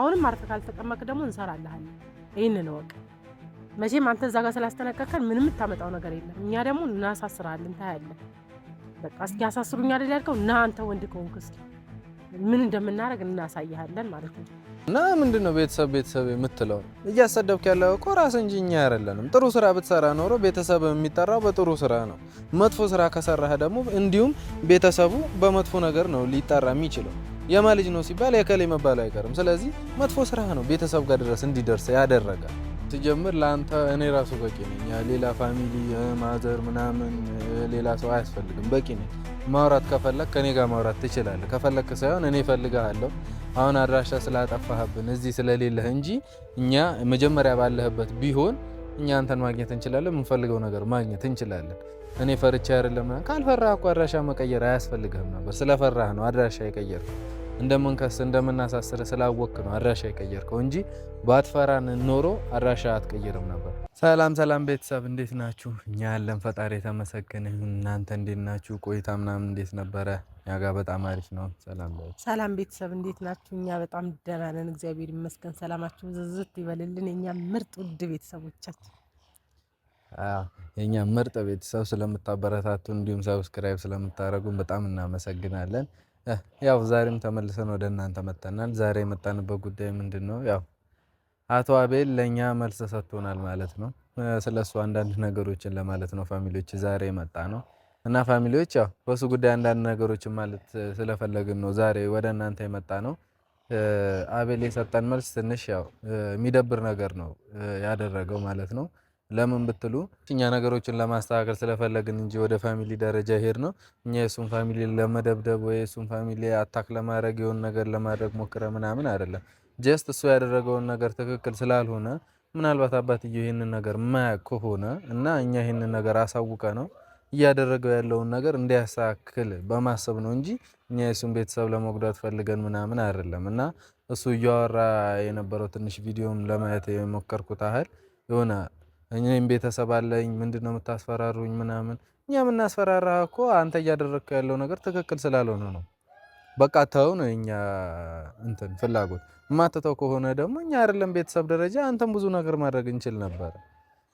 አሁንም አርፈህ ካልተቀመክ ደግሞ እንሰራልሃለን። ይህንን እወቅ። መቼም አንተ እዛ ጋር ስላስጠነቀቀን ምንም የምታመጣው ነገር የለም። እኛ ደግሞ እናሳስራለን። ታያለን። በቃ እስኪ ያሳስሩኛ አይደል ያልከው እና አንተ ወንድ ከሆንክ እስኪ ምን እንደምናደርግ እናሳይሃለን ማለት ነው። እና ምንድን ነው ቤተሰብ ቤተሰብ የምትለው? እያሰደብክ ያለው እኮ ራስ እንጂ እኛ አይደለንም። ጥሩ ስራ ብትሰራ ኖሮ ቤተሰብ የሚጠራው በጥሩ ስራ ነው። መጥፎ ስራ ከሰራህ ደግሞ እንዲሁም ቤተሰቡ በመጥፎ ነገር ነው ሊጠራ የሚችለው። የማ ልጅ ነው ሲባል የከሌ መባሉ አይቀርም። ስለዚህ መጥፎ ስራ ነው ቤተሰብ ጋር ድረስ እንዲደርስ ያደረገ። ሲጀምር ለአንተ እኔ ራሱ በቂ ነኝ። ሌላ ፋሚሊ ማዘር ምናምን ሌላ ሰው አያስፈልግም፣ በቂ ነኝ። ማውራት ከፈለግ ከኔ ጋር ማውራት ትችላለህ። ከፈለግ ሳይሆን እኔ እፈልግሃለሁ። አሁን አድራሻ ስላጠፋህብን እዚህ ስለሌለህ እንጂ እኛ መጀመሪያ ባለህበት ቢሆን እኛ አንተን ማግኘት እንችላለን። የምንፈልገው ነገር ማግኘት እንችላለን። እኔ ፈርቻ አይደለም። ካልፈራህ እኮ አድራሻ መቀየር አያስፈልግህም ነበር። ስለፈራህ ነው አድራሻ የቀየርኩ። እንደምንከስ እንደምናሳስር ስላወቅ ነው አድራሻ የቀየርከው እንጂ ባትፈራን ኖሮ አድራሻ አትቀይርም ነበር። ሰላም ሰላም ቤተሰብ እንዴት ናችሁ? እኛ ያለን ፈጣሪ የተመሰገነ ይሁን። እናንተ እንዴት ናችሁ? ቆይታ ምናምን እንዴት ነበረ? እኛ ጋር በጣም አሪፍ ነው። ሰላም ሰላም ቤተሰብ እንዴት ናችሁ? እኛ በጣም ደህና ነን፣ እግዚአብሔር ይመስገን። ሰላማችሁ ዝዝት ይበልልን የእኛ ምርጥ ውድ ቤተሰቦቻችን የእኛ ምርጥ ቤተሰብ ስለምታበረታቱ እንዲሁም ሰብስክራይብ ስለምታደረጉን በጣም እናመሰግናለን። ያው ዛሬም ተመልሰን ወደ እናንተ መጥተናል። ዛሬ የመጣንበት ጉዳይ ምንድን ነው? ያው አቶ አቤል ለእኛ መልስ ሰጥቶናል ማለት ነው። ስለ እሱ አንዳንድ ነገሮችን ለማለት ነው ፋሚሊዎች ዛሬ የመጣ ነው እና ፋሚሊዎች ያው በሱ ጉዳይ አንዳንድ ነገሮችን ማለት ስለፈለግን ነው ዛሬ ወደ እናንተ የመጣ ነው። አቤል የሰጠን መልስ ትንሽ ያው የሚደብር ነገር ነው ያደረገው ማለት ነው። ለምን ብትሉ እኛ ነገሮችን ለማስተካከል ስለፈለግን እንጂ ወደ ፋሚሊ ደረጃ ሄድ ነው። እኛ የእሱን ፋሚሊ ለመደብደብ ወይ የእሱን ፋሚሊ አታክ ለማድረግ የሆን ነገር ለማድረግ ሞክረ ምናምን አይደለም። ጀስት እሱ ያደረገውን ነገር ትክክል ስላልሆነ ምናልባት አባትየው ይህንን ነገር ማያውቅ ከሆነ እና እኛ ይህንን ነገር አሳውቀ ነው እያደረገው ያለውን ነገር እንዲያስተካክል በማሰብ ነው እንጂ እኛ የሱን ቤተሰብ ለመጉዳት ፈልገን ምናምን አይደለም። እና እሱ እያወራ የነበረው ትንሽ ቪዲዮም ለማየት የሞከርኩት ያህል የሆነ እኔም ቤተሰብ አለኝ ምንድን ነው የምታስፈራሩኝ? ምናምን እኛ የምናስፈራራ እኮ አንተ እያደረግክ ያለው ነገር ትክክል ስላልሆነ ነው። በቃ ተው ነው እኛ እንትን ፍላጎት። የማትተው ከሆነ ደግሞ እኛ አይደለም ቤተሰብ ደረጃ አንተም ብዙ ነገር ማድረግ እንችል ነበር።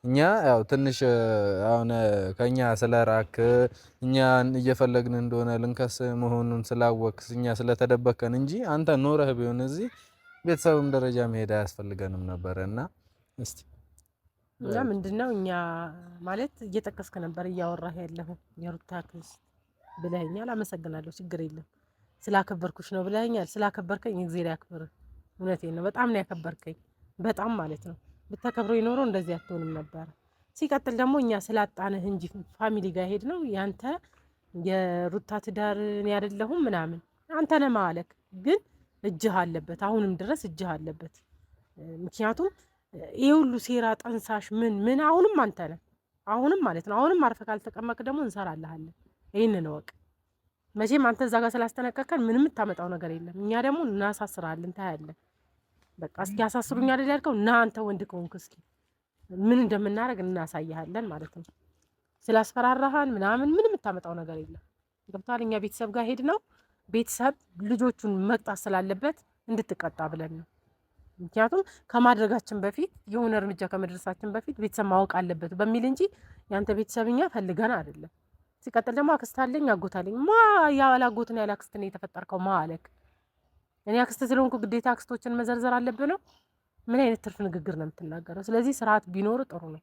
እኛ ያው ትንሽ አሁን ከኛ ስለራክ እኛ እየፈለግን እንደሆነ ልንከስ መሆኑን ስላወቅስ እኛ ስለተደበከን እንጂ አንተ ኖረህ ቢሆን እዚህ ቤተሰብም ደረጃ መሄድ አያስፈልገንም ነበረ እና እስቲ እና ምንድነው እኛ ማለት እየጠቀስክ ነበር እያወራህ ያለሁ የሩታ ክስት ብለኸኛል። አመሰግናለሁ። ችግር የለም ስላከበርኩሽ ነው ብለኸኛል። ስላከበርከኝ እግዜር ያክብር። እውነቴን ነው። በጣም ነው ያከበርከኝ። በጣም ማለት ነው። ብታከብሮ ይኖረው እንደዚህ አትሆንም ነበር። ሲቀጥል ደግሞ እኛ ስላጣንህ እንጂ ፋሚሊ ጋር ሄድ ነው ያንተ የሩታ ትዳር ያደለሁም ምናምን አንተ ነህ ማለክ ግን እጅህ አለበት። አሁንም ድረስ እጅህ አለበት። ምክንያቱም የሁሉ ሴራ ጠንሳሽ ምን ምን አሁንም አንተ ነህ። አሁንም ማለት ነው። አሁንም አርፈህ ካልተቀመጥክ ደግሞ እንሰራልሃለን። ይህንን እወቅ። መቼም አንተ እዛ ጋር ስላስጠነቀቀን ምንም የምታመጣው ነገር የለም። እኛ ደግሞ እናሳስራለን። ታያለን። በቃ እስኪ ያሳስሩኝ አይደል ያልከው ና አንተ ወንድ ከሆንክ እስኪ ምን እንደምናደርግ እናሳይሃለን ማለት ነው። ስላስፈራራሃን ምናምን ምንም የምታመጣው ነገር የለም። ገብቶሃል። እኛ ቤተሰብ ጋር ሄድ ነው ቤተሰብ ልጆቹን መቅጣት ስላለበት እንድትቀጣ ብለን ነው። ምክንያቱም ከማድረጋችን በፊት የሆነ እርምጃ ከመድረሳችን በፊት ቤተሰብ ማወቅ አለበት በሚል እንጂ ያንተ ቤተሰብኛ ፈልገን አይደለም። ሲቀጥል ደግሞ አክስት አለኝ አጎት አለኝ ማ ያላጎትና ነው የተፈጠርከው ማ አለክ። እኔ አክስት ስለሆንኩ ግዴታ አክስቶችን መዘርዘር አለብህ ነው? ምን አይነት ትርፍ ንግግር ነው የምትናገረው? ስለዚህ ስርዓት ቢኖር ጥሩ ነው።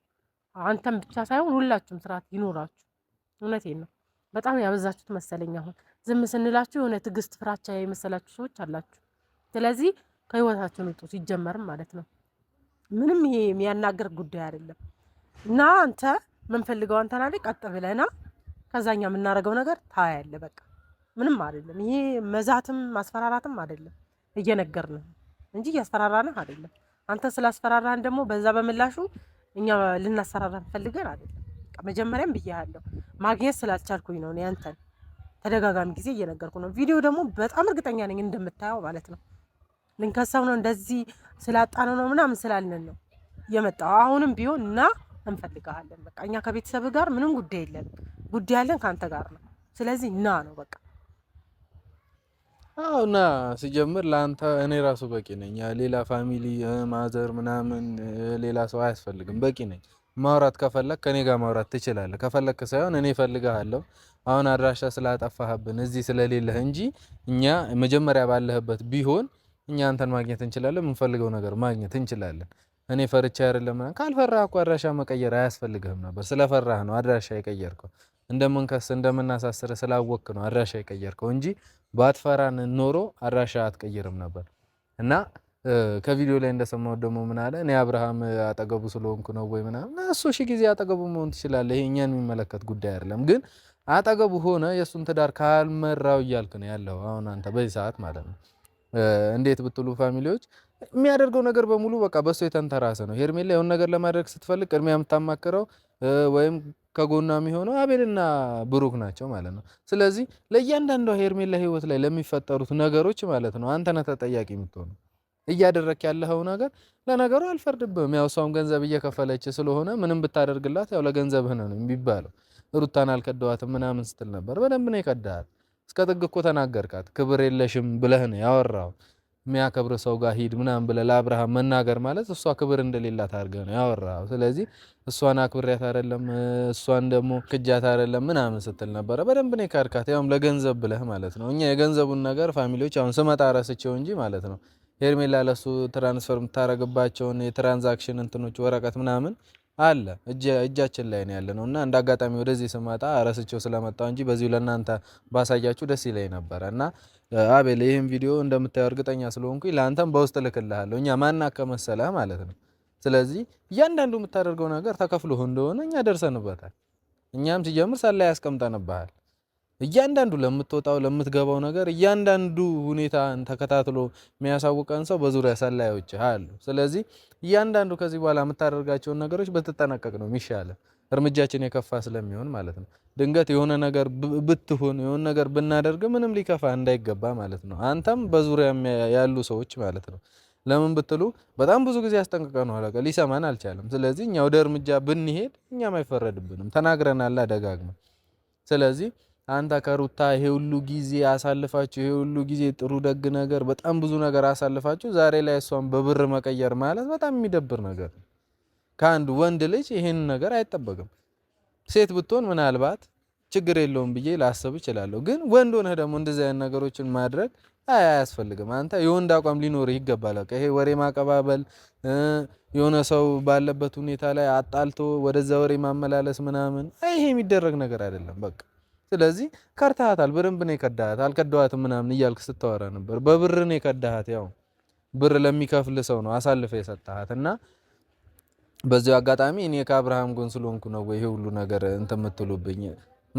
አንተም ብቻ ሳይሆን ሁላችሁም ስርዓት ይኖራችሁ። እውነቴን ነው። በጣም ያበዛችሁት መሰለኝ። አሁን ዝም ስንላችሁ የሆነ ትዕግስት ፍራቻ የመሰላችሁ ሰዎች አላችሁ። ስለዚህ ከህይወታችን ውጡ ሲጀመርም ማለት ነው። ምንም ይሄ የሚያናገር ጉዳይ አይደለም። እና አንተ የምንፈልገው አንተ ላይ ቀጥ ብለና ከዛኛ የምናደርገው ነገር ታያለ። በቃ ምንም አይደለም። ይሄ መዛትም ማስፈራራትም አይደለም። እየነገርንህ እንጂ እያስፈራራንህ አይደለም። አንተ ስላስፈራራህን ደግሞ በዛ በምላሹ እኛ ልናስፈራራህ ፈልገን አይደለም። መጀመሪያም ብያለሁ ማግኘት ስላልቻልኩኝ ነው አንተን ተደጋጋሚ ጊዜ እየነገርኩ ነው። ቪዲዮ ደግሞ በጣም እርግጠኛ ነኝ እንደምታየው ማለት ነው። ልንከሰው ነው እንደዚህ ስላጣን ነው ምናምን ስላልን ነው የመጣው። አሁንም ቢሆን እና እንፈልግሃለን። በቃ እኛ ከቤተሰብ ጋር ምንም ጉዳይ የለን፣ ጉዳይ ያለን ከአንተ ጋር ነው። ስለዚህ እና ነው በቃ። አዎ ና። ሲጀምር ለአንተ እኔ ራሱ በቂ ነኝ። ሌላ ፋሚሊ ማዘር ምናምን ሌላ ሰው አያስፈልግም፣ በቂ ነኝ። ማውራት ከፈለክ ከኔ ጋር ማውራት ትችላለህ። ከፈለክ ሳይሆን እኔ እፈልግሃለሁ። አሁን አድራሻ ስላጠፋህብን እዚህ ስለሌለህ እንጂ እኛ መጀመሪያ ባለህበት ቢሆን እኛ አንተን ማግኘት እንችላለን፣ የምንፈልገው ነገር ማግኘት እንችላለን። እኔ ፈርቻ አይደለም። ካልፈራህ እኮ አድራሻ መቀየር አያስፈልግህም ነበር። ስለፈራህ ነው አድራሻ የቀየርከው። እንደምንከስ እንደምናሳስረ ስላወቅ ነው አድራሻ የቀየርከው እንጂ ባትፈራን ኖሮ አድራሻ አትቀይርም ነበር። እና ከቪዲዮ ላይ እንደሰማሁት ደግሞ ምን አለ፣ እኔ አብርሃም አጠገቡ ስለሆንኩ ነው ወይ ምናምን። እሱ ሺ ጊዜ አጠገቡ መሆን ትችላለህ። ይሄ እኛን የሚመለከት ጉዳይ አይደለም። ግን አጠገቡ ሆነ የእሱን ትዳር ካልመራው እያልክ ነው ያለው አሁን አንተ በዚህ ሰዓት ማለት ነው እንዴት ብትሉ ፋሚሊዎች የሚያደርገው ነገር በሙሉ በቃ በሱ የተንተራሰ ነው። ሄርሜላ የሆነ ነገር ለማድረግ ስትፈልግ ቅድሚያ የምታማክረው ወይም ከጎኗ የሚሆነው አቤልና ብሩክ ናቸው ማለት ነው። ስለዚህ ለእያንዳንዷ ሄርሜላ ህይወት ላይ ለሚፈጠሩት ነገሮች ማለት ነው አንተ ነህ ተጠያቂ የምትሆነው። እያደረክ ያለኸው ነገር ለነገሩ አልፈርድብም፣ ያው እሷም ገንዘብ እየከፈለች ስለሆነ ምንም ብታደርግላት ያው ለገንዘብህ ነው የሚባለው። ሩታን አልከደዋትም ምናምን ስትል ነበር። በደንብ ነው ይከዳል እስከ ጥግ እኮ ተናገርካት። ክብር የለሽም ብለህ ነው ያወራው። የሚያከብር ሰው ጋር ሂድ ምናምን ብለህ ለአብርሃም መናገር ማለት እሷ ክብር እንደሌላት አድርገህ ነው ያወራው። ስለዚህ እሷን አክብሬያት አይደለም እሷን ደግሞ ክጃት አይደለም ምናምን ስትል ነበረ። በደንብ ነው የካድካት፣ ያውም ለገንዘብ ብለህ ማለት ነው። እኛ የገንዘቡን ነገር ፋሚሊዎች አሁን ስመጣ ረስቼው እንጂ ማለት ነው ሄርሜላ ለሱ ትራንስፈር የምታረግባቸውን የትራንዛክሽን እንትኖች ወረቀት ምናምን አለ እጃችን ላይ ነው ያለነው እና እንደ አጋጣሚ ወደዚህ ስመጣ ረስቼው ስለመጣው እንጂ በዚሁ ለእናንተ ባሳያችሁ ደስ ይለኝ ነበረ። እና አቤል ይህም ቪዲዮ እንደምታየው እርግጠኛ ስለሆንኩኝ ለአንተም በውስጥ እልክልሃለሁ እኛ ማና መሰለህ ማለት ነው። ስለዚህ እያንዳንዱ የምታደርገው ነገር ተከፍሎህ እንደሆነ እኛ ደርሰንበታል። እኛም ሲጀምር ሰላይ ያስቀምጠንብሃል። እያንዳንዱ ለምትወጣው ለምትገባው ነገር እያንዳንዱ ሁኔታን ተከታትሎ የሚያሳውቀን ሰው በዙሪያ ሰላዮች አሉ። ስለዚህ እያንዳንዱ ከዚህ በኋላ የምታደርጋቸውን ነገሮች ብትጠነቀቅ ነው የሚሻለ እርምጃችን የከፋ ስለሚሆን ማለት ነው። ድንገት የሆነ ነገር ብትሆን የሆነ ነገር ብናደርግ ምንም ሊከፋ እንዳይገባ ማለት ነው። አንተም በዙሪያ ያሉ ሰዎች ማለት ነው። ለምን ብትሉ በጣም ብዙ ጊዜ አስጠንቅቀነው አለቀ፣ ሊሰማን አልቻለም። ስለዚህ እኛ ወደ እርምጃ ብንሄድ እኛም አይፈረድብንም፣ ተናግረናል ደጋግመን። ስለዚህ አንተ ከሩታ ይሄ ሁሉ ጊዜ አሳልፋችሁ ይሄ ሁሉ ጊዜ ጥሩ ደግ ነገር በጣም ብዙ ነገር አሳልፋችሁ ዛሬ ላይ እሷን በብር መቀየር ማለት በጣም የሚደብር ነገር ነው። ከአንድ ወንድ ልጅ ይሄን ነገር አይጠበቅም። ሴት ብትሆን ምናልባት ችግር የለውም ብዬ ላስብ እችላለሁ። ግን ወንድ ሆነህ ደግሞ እንደዚህ አይነት ነገሮችን ማድረግ አያስፈልግም። አንተ የወንድ አቋም ሊኖር ይገባል። ይሄ ወሬ ማቀባበል፣ የሆነ ሰው ባለበት ሁኔታ ላይ አጣልቶ ወደዛ ወሬ ማመላለስ ምናምን ይሄ የሚደረግ ነገር አይደለም በቃ ስለዚህ ከርታሃታል፣ በደንብ ነው የከዳሃት። አልከዳዋትም ምናምን እያልክ ስታወራ ነበር። በብር ነው የከዳሃት። ያው ብር ለሚከፍል ሰው ነው አሳልፈ የሰጣሃት እና በዚሁ አጋጣሚ እኔ ከአብርሃም ጎን ስለሆንኩ ነው ወይ ይሄ ሁሉ ነገር እንትን የምትሉብኝ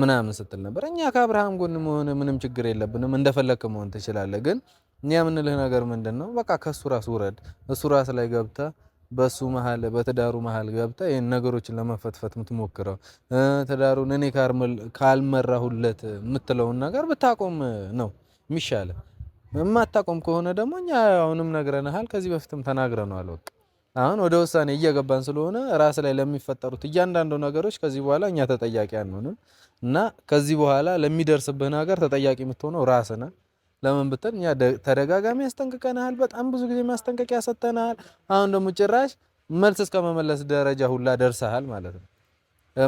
ምናምን ስትል ነበር። እኛ ከአብርሃም ጎን መሆን ምንም ችግር የለብንም፣ እንደፈለክ መሆን ትችላለህ። ግን እኛ የምንልህ ነገር ምንድን ነው? በቃ ከእሱ ራስ ውረድ፣ እሱ ራስ ላይ ገብተህ በሱ መሀል በትዳሩ መሀል ገብታ ይህን ነገሮችን ለመፈትፈት የምትሞክረው ትዳሩን እኔ ካልመራሁለት የምትለውን ነገር ብታቆም ነው የሚሻለ። የማታቆም ከሆነ ደግሞ እኛ አሁንም ነግረንሃል፣ ከዚህ በፊትም ተናግረናል። በቃ አሁን ወደ ውሳኔ እየገባን ስለሆነ ራስ ላይ ለሚፈጠሩት እያንዳንዱ ነገሮች ከዚህ በኋላ እኛ ተጠያቂ አንሆንም እና ከዚህ በኋላ ለሚደርስብህ ነገር ተጠያቂ የምትሆነው ራስ ነህ። ለምን ብትል እኛ ተደጋጋሚ ያስጠንቅቀናል። በጣም ብዙ ጊዜ ማስጠንቀቂያ ሰጥተናል። አሁን ደግሞ ጭራሽ መልስ እስከ መመለስ ደረጃ ሁላ ደርሰሃል ማለት ነው።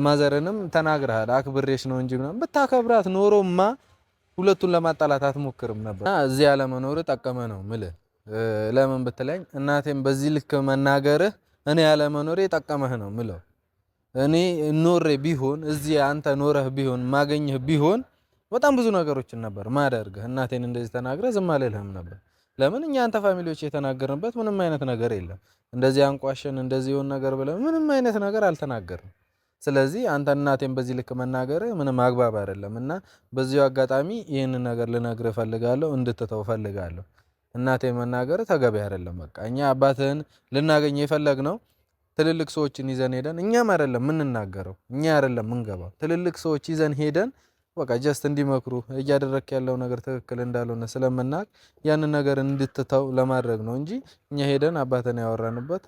ማዘርንም ተናግረሃል። አክብሬሽ ነው እንጂ ምናምን ብታከብራት ኖሮማ ሁለቱን ለማጣላት አትሞክርም ነበር። እዚህ ያለመኖር ጠቀመ ነው ምል ለምን ብትለኝ እናቴም በዚህ ልክ መናገርህ እኔ ያለመኖሬ ጠቀመህ ነው ምለው። እኔ ኖሬ ቢሆን እዚህ አንተ ኖረህ ቢሆን ማገኘህ ቢሆን በጣም ብዙ ነገሮችን ነበር ማደርግ እናቴን እንደዚህ ተናግረ ዝም አልልህም ነበር። ለምን እኛ አንተ ፋሚሊዎች የተናገርንበት ምንም አይነት ነገር የለም። እንደዚህ አንቋሸን፣ እንደዚህ የሆን ነገር ብለን ምንም አይነት ነገር አልተናገርንም። ስለዚህ አንተ እናቴን በዚህ ልክ መናገር ምንም አግባብ አይደለም እና በዚሁ አጋጣሚ ይህንን ነገር ልነግርህ እፈልጋለሁ፣ እንድትተው እፈልጋለሁ። እናቴ መናገር ተገቢ አይደለም። በቃ እኛ አባትህን ልናገኝ የፈለግነው ትልልቅ ሰዎችን ይዘን ሄደን እኛም አይደለም ምንናገረው፣ እኛ አይደለም ምንገባው፣ ትልልቅ ሰዎች ይዘን ሄደን በቃ ጀስት እንዲመክሩ እያደረክ ያለው ነገር ትክክል እንዳልሆነ ስለምናቅ ያንን ነገር እንድትተው ለማድረግ ነው እንጂ እኛ ሄደን አባተን ያወራንበት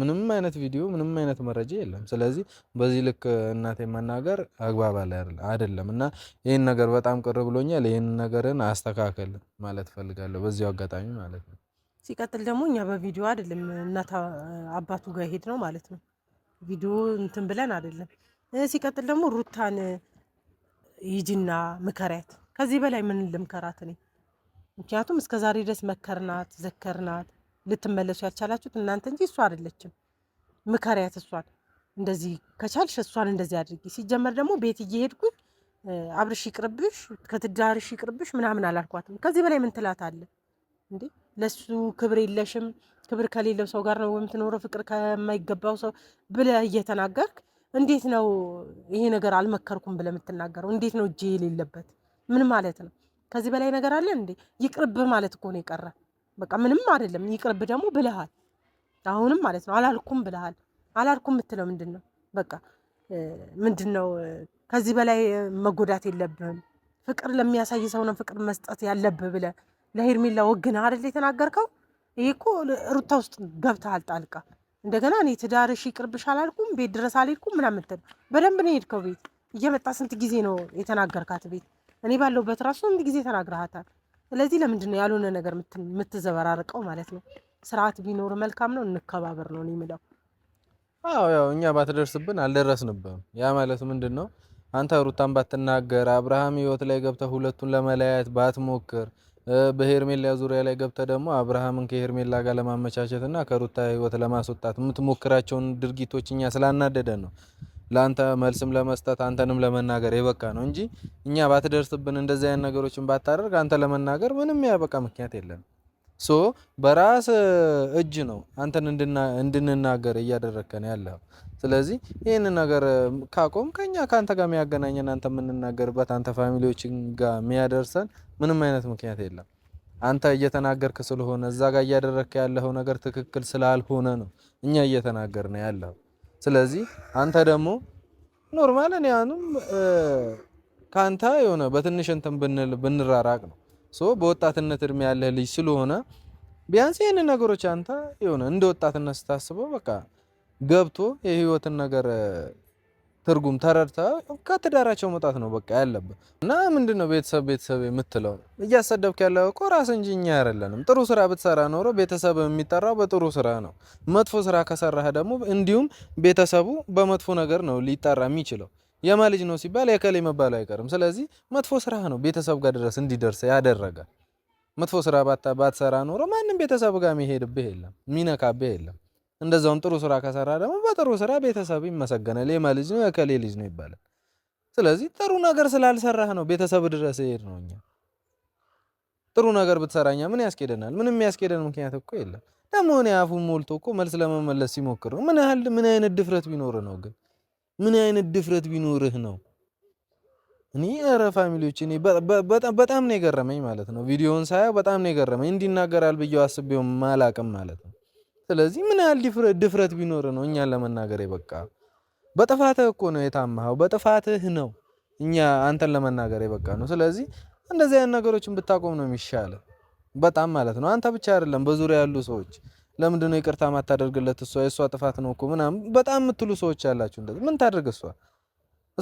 ምንም አይነት ቪዲዮ ምንም አይነት መረጃ የለም። ስለዚህ በዚህ ልክ እናቴ መናገር አግባብ አይደለም እና ይህን ነገር በጣም ቅር ብሎኛል። ይህን ነገርን አስተካከል ማለት ፈልጋለሁ በዚሁ አጋጣሚ ማለት ነው። ሲቀጥል ደግሞ እኛ በቪዲዮ አይደለም እናት አባቱ ጋር ሄድ ነው ማለት ነው። ቪዲዮ እንትን ብለን አይደለም። ሲቀጥል ደግሞ ሩታን ሂጂና ምከሪያት። ከዚህ በላይ ምን ልምከራት እኔ? ምክንያቱም እስከ ዛሬ ድረስ መከርናት፣ ዘከርናት። ልትመለሱ ያልቻላችሁት እናንተ እንጂ እሷ አይደለችም። ምከሪያት እሷን እንደዚህ ከቻልሽ እሷን እንደዚህ አድርጊ። ሲጀመር ደግሞ ቤት እየሄድኩኝ አብርሽ ይቅርብሽ፣ ከትዳርሽ ይቅርብሽ ምናምን አላልኳትም። ከዚህ በላይ ምን ትላት አለ እንዴ? ለሱ ክብር የለሽም። ክብር ከሌለው ሰው ጋር ነው የምትኖረው፣ ፍቅር ከማይገባው ሰው ብለህ እየተናገርክ እንዴት ነው ይሄ ነገር አልመከርኩም ብለህ የምትናገረው? እንዴት ነው እጅ የሌለበት ምን ማለት ነው? ከዚህ በላይ ነገር አለ እንዴ? ይቅርብ ማለት እኮ ነው የቀረ። በቃ ምንም አይደለም። ይቅርብ ደግሞ ብለሃል። አሁንም ማለት ነው አላልኩም ብለሃል። አላልኩም የምትለው ምንድን ነው? በቃ ምንድን ነው? ከዚህ በላይ መጎዳት የለብህም። ፍቅር ለሚያሳይ ሰው ነው ፍቅር መስጠት ያለብህ ብለህ ለሄርሜላ ወግን አይደል የተናገርከው? ይሄ እኮ ሩታ ውስጥ ገብተሃል ጣልቃ እንደገና እኔ ትዳርሽ ይቅርብሽ አላልኩም፣ ቤት ድረስ አልሄድኩም ምናምን በደንብ ነው የሄድከው። ቤት እየመጣ ስንት ጊዜ ነው የተናገርካት? ቤት እኔ ባለሁበት ራሱ ስንት ጊዜ ተናግረሃታል። ስለዚህ ለምንድን ነው ያልሆነ ነገር የምትዘበራርቀው ማለት ነው? ስርዓት ቢኖር መልካም ነው። እንከባበር ነው የምለው። አዎ ያው እኛ ባትደርስብን አልደረስንብም። ያ ማለት ምንድን ነው አንተ ሩታን ባትናገር፣ አብርሃም ህይወት ላይ ገብተህ ሁለቱን ለመለያየት ባትሞክር በሄርሜላ ዙሪያ ላይ ገብተ ደግሞ አብርሃምን ከሄርሜላ ጋር ለማመቻቸት እና ከሩታ ህይወት ለማስወጣት የምትሞክራቸውን ድርጊቶች እኛ ስላናደደን ነው ለአንተ መልስም ለመስጠት አንተንም ለመናገር የበቃ ነው እንጂ እኛ ባትደርስብን እንደዚህ አይነት ነገሮችን ባታደርግ አንተ ለመናገር ምንም ያበቃ ምክንያት የለም። ሶ በራስ እጅ ነው አንተን እንድንናገር እያደረግከን ያለው። ስለዚህ ይህን ነገር ካቆም ከኛ ከአንተ ጋር የሚያገናኘን አንተ የምንናገርበት አንተ ፋሚሊዎችን ጋር የሚያደርሰን ምንም አይነት ምክንያት የለም። አንተ እየተናገርክ ስለሆነ እዛ ጋር እያደረግክ ያለው ነገር ትክክል ስላልሆነ ነው እኛ እየተናገርን ያለው። ስለዚህ አንተ ደግሞ ኖርማል እኔ አሁንም ካንተ የሆነ በትንሽ እንትን ብንል ብንራራቅ ነው ሶ በወጣትነት እድሜ ያለህ ልጅ ስለሆነ ቢያንስ ይህን ነገሮች አንተ የሆነ እንደ ወጣትነት ስታስበው በቃ ገብቶ የህይወትን ነገር ትርጉም ተረድተ ከትዳራቸው መውጣት ነው በቃ ያለብህ። እና ምንድን ነው ቤተሰብ ቤተሰብ የምትለው እያሰደብክ ያለው እኮ ራስ እንጂ እኛ አይደለንም። ጥሩ ስራ ብትሰራ ኖሮ ቤተሰብ የሚጠራው በጥሩ ስራ ነው። መጥፎ ስራ ከሰራህ ደግሞ እንዲሁም ቤተሰቡ በመጥፎ ነገር ነው ሊጠራ የሚችለው። የማልጅ ነው ሲባል የከሌ መባል አይቀርም። ስለዚህ መጥፎ ስራ ነው ቤተሰብ ጋር ድረስ እንዲደርስ ያደረጋል። መጥፎ ስራ ባትሰራ ኖሮ ማንም ቤተሰብ ጋር የሚሄድብህ የለም፣ የሚነካብህ የለም። እንደዛውም ጥሩ ስራ ከሰራ ደግሞ በጥሩ ስራ ቤተሰብ ይመሰገናል። የማ ልጅ ነው የከሌ ልጅ ነው ይባላል። ስለዚህ ጥሩ ነገር ስላልሰራህ ነው ቤተሰብ ድረስ ይሄድ ነው። እኛ ጥሩ ነገር ብትሰራኛ ምን ያስኬደናል? ምንም ያስኬደን ምክንያት እኮ የለም። ደግሞ እኔ አፉን ሞልቶ እኮ መልስ ለመመለስ ሲሞክር ነው። ምን ያህል ምን አይነት ድፍረት ቢኖርህ ነው ግን ምን አይነት ድፍረት ቢኖርህ ነው? እኔ ኧረ ፋሚሊዎች እኔ በጣም ነው የገረመኝ ማለት ነው። ቪዲዮውን ሳያ በጣም ነው የገረመኝ። እንዲናገራል ብዬው አስቤው ማላቅም ማለት ነው። ስለዚህ ምን ያህል ድፍረት ቢኖር ነው እኛን ለመናገር የበቃ? በጥፋትህ እኮ ነው የታመኸው፣ በጥፋትህ ነው እኛ አንተን ለመናገር የበቃ ነው። ስለዚህ እንደዚህ አይነት ነገሮችን ብታቆም ነው የሚሻለ፣ በጣም ማለት ነው። አንተ ብቻ አይደለም በዙሪያ ያሉ ሰዎች ለምንድን ነው ይቅርታ ማታደርግለት? እሷ የእሷ ጥፋት ነው እኮ ምናምን በጣም የምትሉ ሰዎች ያላችሁ። እንደዚህ ምን ታደርግ? እሷ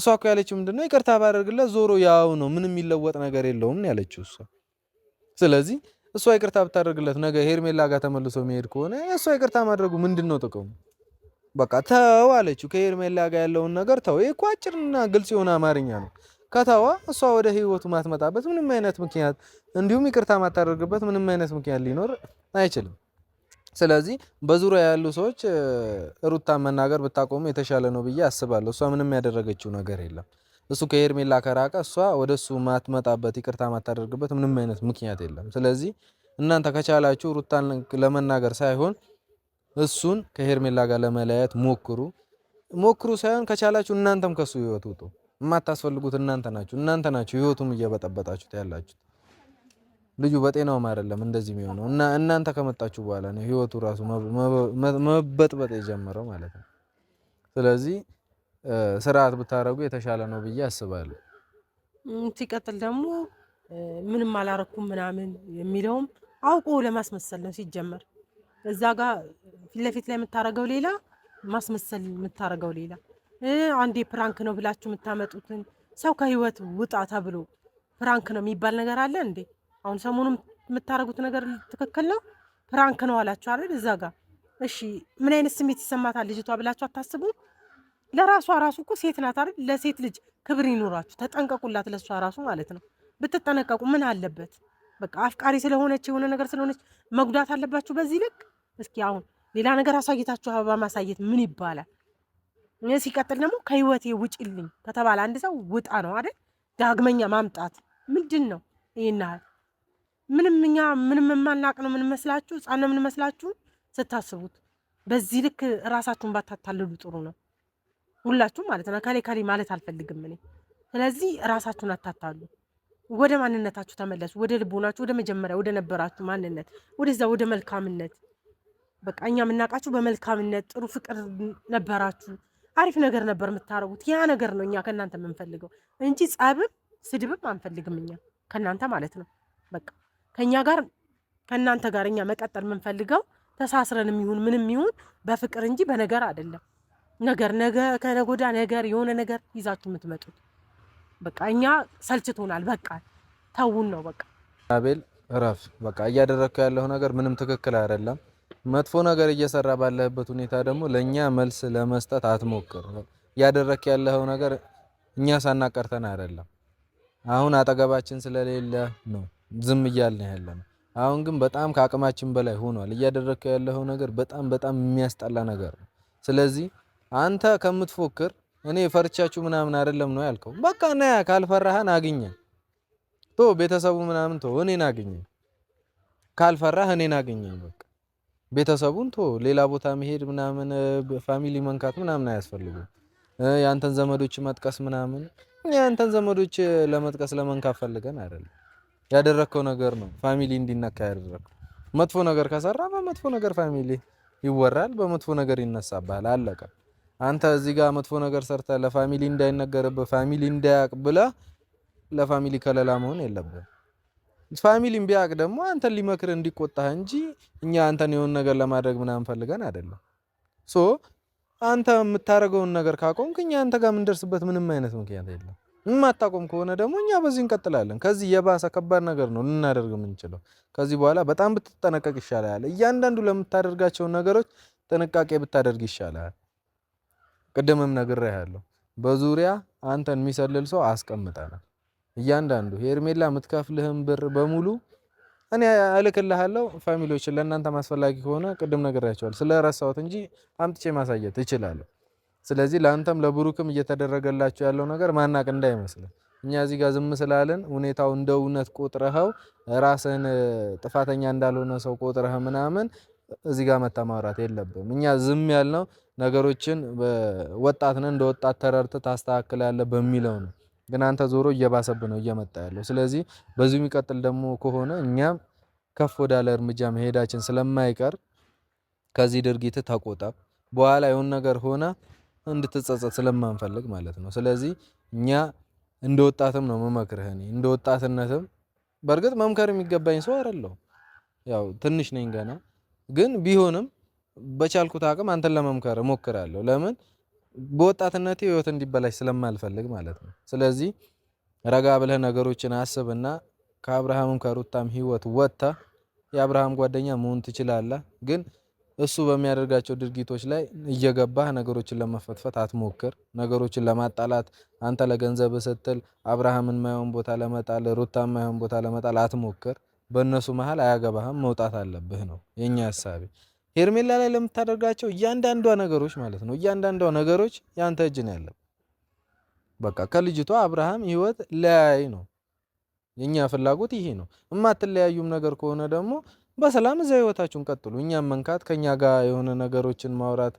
እሷ እኮ ያለችው ምንድን ነው ይቅርታ ባደርግለት ዞሮ ያው ነው፣ ምንም የሚለወጥ ነገር የለውም ያለችው እሷ። ስለዚህ እሷ ይቅርታ ብታደርግለት ነገ ሄርሜላ ጋር ተመልሶ መሄድ ከሆነ እሷ ይቅርታ ማድረጉ ምንድን ነው ጥቅሙ? በቃ ተው አለችው። ከሄርሜላ ጋር ያለውን ነገር ተው። ይህ እኮ አጭርና ግልጽ የሆነ አማርኛ ነው። ከተዋ እሷ ወደ ህይወቱ ማትመጣበት ምንም አይነት ምክንያት፣ እንዲሁም ይቅርታ ማታደርግበት ምንም አይነት ምክንያት ሊኖር አይችልም። ስለዚህ በዙሪያ ያሉ ሰዎች ሩታን መናገር ብታቆሙ የተሻለ ነው ብዬ አስባለሁ። እሷ ምንም ያደረገችው ነገር የለም። እሱ ከሄርሜላ ከራቀ እሷ ወደ እሱ ማትመጣበት ይቅርታ ማታደርግበት ምንም አይነት ምክንያት የለም። ስለዚህ እናንተ ከቻላችሁ ሩታን ለመናገር ሳይሆን እሱን ከሄርሜላ ጋር ለመለያየት ሞክሩ ሞክሩ ሳይሆን ከቻላችሁ እናንተም ከሱ ህይወት ውጡ። የማታስፈልጉት እናንተ ናችሁ። እናንተ ናችሁ ህይወቱም እየበጠበጣችሁት ያላችሁት። ልጁ በጤናውም አይደለም እንደዚህ የሚሆነው እና እናንተ ከመጣችሁ በኋላ ነው ህይወቱ ራሱ መበጥበጥ የጀመረው ማለት ነው። ስለዚህ ስርዓት ብታደርጉ የተሻለ ነው ብዬ አስባለሁ። ሲቀጥል ደግሞ ምንም አላረኩም ምናምን የሚለውም አውቆ ለማስመሰል ነው ሲጀመር። እዛ ጋር ፊት ለፊት ላይ የምታደረገው ሌላ፣ ማስመሰል የምታደረገው ሌላ። አንዴ ፕራንክ ነው ብላችሁ የምታመጡትን ሰው ከህይወት ውጣ ተብሎ ፕራንክ ነው የሚባል ነገር አለ እንዴ? አሁን ሰሞኑን የምታደረጉት ነገር ትክክል ነው፣ ፕራንክ ነው አላችሁ አይደል? እዛ ጋር እሺ፣ ምን አይነት ስሜት ይሰማታል ልጅቷ ብላችሁ አታስቡም? ለራሷ ራሱ እኮ ሴት ናት አይደል? ለሴት ልጅ ክብር ይኖራችሁ፣ ተጠንቀቁላት። ለሷ ራሱ ማለት ነው ብትጠነቀቁ ምን አለበት? በቃ አፍቃሪ ስለሆነች የሆነ ነገር ስለሆነች መጉዳት አለባችሁ በዚህ ልክ? እስኪ አሁን ሌላ ነገር አሳየታችሁ፣ አበባ ማሳየት ምን ይባላል? ሲቀጥል ደግሞ ከህይወቴ ውጭልኝ ከተባለ አንድ ሰው ውጣ ነው አይደል? ዳግመኛ ማምጣት ምንድን ነው ይህን ምንም እኛ ምንም የማናቅ ነው የምንመስላችሁ፣ ህፃን ነው የምንመስላችሁ ስታስቡት። በዚህ ልክ ራሳችሁን ባታታልሉ ጥሩ ነው። ሁላችሁም ማለት ነው። ካሌ ካሌ ማለት አልፈልግም እኔ። ስለዚህ ራሳችሁን አታታሉ። ወደ ማንነታችሁ ተመለሱ። ወደ ልቦናችሁ፣ ወደ መጀመሪያ ወደ ነበራችሁ ማንነት፣ ወደዛ ወደ መልካምነት። በቃ እኛ የምናውቃችሁ በመልካምነት ጥሩ ፍቅር ነበራችሁ፣ አሪፍ ነገር ነበር የምታረጉት። ያ ነገር ነው እኛ ከእናንተ የምንፈልገው እንጂ ጸብም ስድብም አንፈልግም እኛ ከእናንተ ማለት ነው። በቃ ከእኛ ጋር ከእናንተ ጋር እኛ መቀጠል የምንፈልገው ተሳስረን የሚሆን ምንም ይሁን በፍቅር እንጂ በነገር አይደለም። ነገር ነገ ከነጎዳ ነገር የሆነ ነገር ይዛችሁ የምትመጡት በቃ እኛ ሰልችቶናል። በቃ ተውን ነው በቃ አቤል እረፍ። በቃ እያደረግከ ያለው ነገር ምንም ትክክል አይደለም። መጥፎ ነገር እየሰራ ባለህበት ሁኔታ ደግሞ ለእኛ መልስ ለመስጠት አትሞክር። እያደረግክ ያለው ነገር እኛ ሳናቀርተን አይደለም። አሁን አጠገባችን ስለሌለ ነው ዝም እያልን ያለ ነው። አሁን ግን በጣም ከአቅማችን በላይ ሆኗል። እያደረግከ ያለው ነገር በጣም በጣም የሚያስጠላ ነገር ነው። ስለዚህ አንተ ከምትፎክር እኔ ፈርቻችሁ ምናምን አይደለም ነው ያልከው። በቃ ና ካልፈራህን አግኘን ቶ ቤተሰቡ ምናምን ቶ እኔን አግኘን ካልፈራህ እኔን አግኘኝ። በቃ ቤተሰቡን ቶ ሌላ ቦታ መሄድ ምናምን ፋሚሊ መንካት ምናምን አያስፈልግም። የአንተን ዘመዶች መጥቀስ ምናምን የአንተን ዘመዶች ለመጥቀስ ለመንካት ፈልገን አይደለም። ያደረግከው ነገር ነው ፋሚሊ እንዲነካ ያደረግከው። መጥፎ ነገር ከሰራ በመጥፎ ነገር ፋሚሊ ይወራል፣ በመጥፎ ነገር ይነሳባል። አለቀ። አንተ እዚህ ጋር መጥፎ ነገር ሰርተ ለፋሚሊ እንዳይነገርብህ ፋሚሊ እንዳያቅ ብለህ ለፋሚሊ ከለላ መሆን የለበት ፋሚሊም ቢያቅ ደግሞ አንተን ሊመክር እንዲቆጣህ እንጂ እኛ አንተን የሆነ ነገር ለማድረግ ምናምን ፈልገን አይደለም። ሶ አንተ የምታደርገውን ነገር ካቆምክ እኛ አንተ ጋር የምንደርስበት ምንም አይነት ምክንያት የለም። የማታቆም ከሆነ ደግሞ እኛ በዚህ እንቀጥላለን። ከዚህ የባሰ ከባድ ነገር ነው ልናደርግ የምንችለው። ከዚህ በኋላ በጣም ብትጠነቀቅ ይሻላል። እያንዳንዱ ለምታደርጋቸውን ነገሮች ጥንቃቄ ብታደርግ ይሻላል። ቅድምም ነግሬሃለሁ በዙሪያ አንተን የሚሰልል ሰው አስቀምጠናል። እያንዳንዱ ሄርሜላ የምትከፍልህን ብር በሙሉ እኔ እልክልሃለሁ ፋሚሊዎች ለእናንተም አስፈላጊ ከሆነ ቅድም ነግሬያቸዋለሁ ስለረሳሁት እንጂ አምጥቼ ማሳየት እችላለሁ። ስለዚህ ለአንተም ለብሩክም እየተደረገላችሁ ያለው ነገር ማናቅ እንዳይመስልህ እኛ እዚህ ጋር ዝም ስላልን ሁኔታው እንደ እውነት ቆጥረኸው ራስህን ጥፋተኛ እንዳልሆነ ሰው ቆጥረህ ምናምን እዚህ ጋር መተህ ማውራት እኛ ዝም ያልነው ነገሮችን ወጣት ነህ እንደ ወጣት ተረድተህ ታስተካክላለህ በሚለው ነው። ግን አንተ ዞሮ እየባሰብህ ነው እየመጣ ያለው ስለዚህ በዚሁ የሚቀጥል ደግሞ ከሆነ እኛም ከፍ ወዳለ እርምጃ መሄዳችን ስለማይቀር። ከዚህ ድርጊት ተቆጠብ በኋላ የሆነ ነገር ሆነ እንድትጸጸት ስለማንፈልግ ማለት ነው። ስለዚህ እኛ እንደ ወጣትም ነው የምመክርህ እኔ እንደ ወጣትነትም በርግጥ መምከር የሚገባኝ ሰው አይደለሁም። ያው ትንሽ ነኝ ገና ግን ቢሆንም በቻልኩት አቅም አንተን ለመምከር እሞክራለሁ። ለምን በወጣትነቴ ህይወት እንዲበላሽ ስለማልፈልግ ማለት ነው። ስለዚህ ረጋ ብለህ ነገሮችን አስብና ከአብርሃምም ከሩታም ህይወት ወጥታ የአብርሃም ጓደኛ መሆን ትችላለህ። ግን እሱ በሚያደርጋቸው ድርጊቶች ላይ እየገባህ ነገሮችን ለመፈትፈት አትሞክር። ነገሮችን ለማጣላት አንተ ለገንዘብ ስትል አብርሃምን ማይሆን ቦታ ለመጣል፣ ሩታን ማይሆን ቦታ ለመጣል አትሞክር። በእነሱ መሀል አያገባህም። መውጣት አለብህ ነው የኛ ሀሳቤ። ሄርሜላ ላይ ለምታደርጋቸው እያንዳንዷ ነገሮች ማለት ነው እያንዳንዷ ነገሮች ያንተ እጅ ነው ያለው። በቃ ከልጅቷ አብርሃም ህይወት ለያይ ነው የኛ ፍላጎት ይሄ ነው። እማትለያዩም ነገር ከሆነ ደግሞ በሰላም እዛ ህይወታችሁን ቀጥሉ። እኛም መንካት ከኛ ጋር የሆነ ነገሮችን ማውራት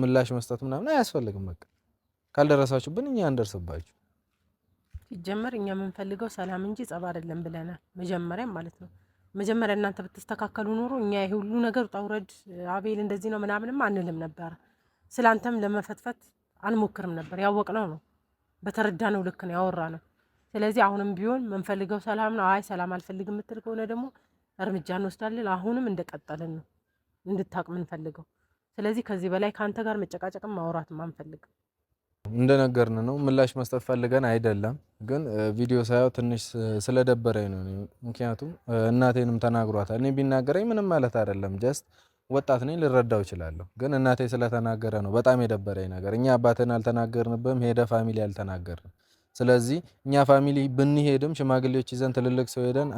ምላሽ መስጠት ምናምን አያስፈልግም። በቃ ካልደረሳችሁብን እኛ አንደርስባችሁ። ሲጀመር እኛ የምንፈልገው ሰላም እንጂ ጸብ አይደለም ብለናል መጀመሪያም ማለት ነው። መጀመሪያ እናንተ ብትስተካከሉ ኖሮ እኛ ይሄ ሁሉ ነገር ጣውረድ አቤል እንደዚህ ነው ምናምንም አንልም ነበር። ስለአንተም ለመፈትፈት አንሞክርም ነበር። ያወቅነው ነው በተረዳነው ልክ ነው ያወራነው። ስለዚህ አሁንም ቢሆን የምንፈልገው ሰላም ነው። አይ ሰላም አልፈልግም የምትል ከሆነ ደግሞ እርምጃ እንወስዳለን። አሁንም እንደቀጠልን ነው እንድታቅ ምንፈልገው። ስለዚህ ከዚህ በላይ ከአንተ ጋር መጨቃጨቅም ማውራትም አንፈልግም። እንደነገርን ነው። ምላሽ መስጠት ፈልገን አይደለም፣ ግን ቪዲዮ ሳየው ትንሽ ስለደበረኝ ነው። ምክንያቱም እናቴንም ተናግሯታል። እኔ ቢናገረኝ ምንም ማለት አይደለም። ጀስት ወጣት ነኝ፣ ልረዳው እችላለሁ። ግን እናቴ ስለተናገረ ነው በጣም የደበረኝ ነገር። እኛ አባትን አልተናገርንብም፣ ሄደ ፋሚሊ አልተናገርንም። ስለዚህ እኛ ፋሚሊ ብንሄድም ሽማግሌዎች ይዘን ትልልቅ ሰው ሄደን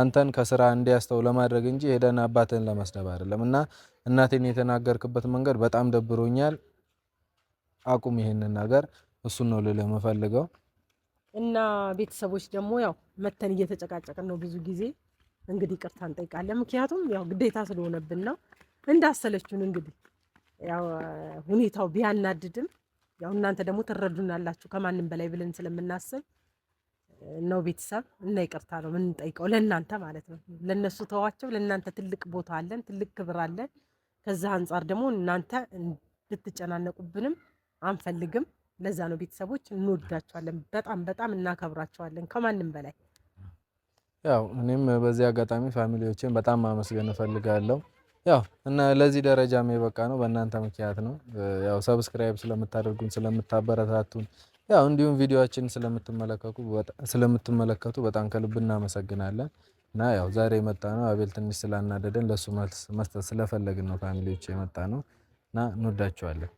አንተን ከስራ እንዲያስተው ለማድረግ እንጂ ሄደን አባትን ለመስደብ አይደለም። እና እናቴን የተናገርክበት መንገድ በጣም ደብሮኛል። አቁም ይሄንን ነገር። እሱን ነው ልልህ የምፈልገው። እና ቤተሰቦች ደግሞ ያው መተን እየተጨቃጨቅን ነው ብዙ ጊዜ እንግዲህ ቅርታ እንጠይቃለን። ምክንያቱም ያው ግዴታ ስለሆነብን ነው። እንዳሰለችውን እንግዲህ ያው ሁኔታው ቢያናድድም ያው እናንተ ደግሞ ትረዱናላችሁ ከማንም በላይ ብለን ስለምናስብ ነው ቤተሰብ እና ይቅርታ ነው የምንጠይቀው ለእናንተ ማለት ነው። ለእነሱ ተዋቸው፣ ለእናንተ ትልቅ ቦታ አለን፣ ትልቅ ክብር አለን። ከዛ አንጻር ደግሞ እናንተ ልትጨናነቁብንም አንፈልግም። ለዛ ነው ቤተሰቦች እንወዳቸዋለን፣ በጣም በጣም እናከብራቸዋለን ከማንም በላይ። ያው እኔም በዚህ አጋጣሚ ፋሚሊዎችን በጣም ማመስገን እፈልጋለሁ። ያው እና ለዚህ ደረጃም የበቃ ነው በእናንተ ምክንያት ነው። ያው ሰብስክራይብ ስለምታደርጉን ስለምታበረታቱን፣ ያው እንዲሁም ቪዲዮአችን ስለምትመለከቱ በጣም ከልብ እናመሰግናለን። እና ያው ዛሬ የመጣ ነው አቤል ትንሽ ስላናደደን ለሱ መልስ መስጠት ስለፈለግን ነው ፋሚሊዎች የመጣ ነው እና እንወዳቸዋለን።